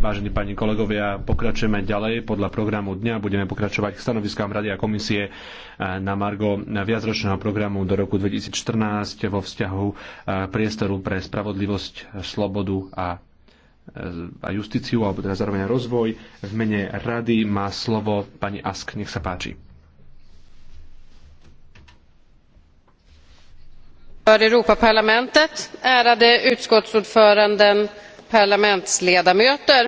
Vážení páni kolegovia, pokračujeme ďalej podľa programu dňa. Budeme pokračovať k stanoviskám Rady a komisie eh, na Margo viacročného programu do roku 2014 vo vzťahu eh, priestoru pre spravodlivosť, slobodu a eh, a justíciu, alebo teda zároveň rozvoj. V mene rady má slovo pani Ask. Nech sa páči. för Europaparlamentet, ärade utskottsordförande parlamentsledamöter.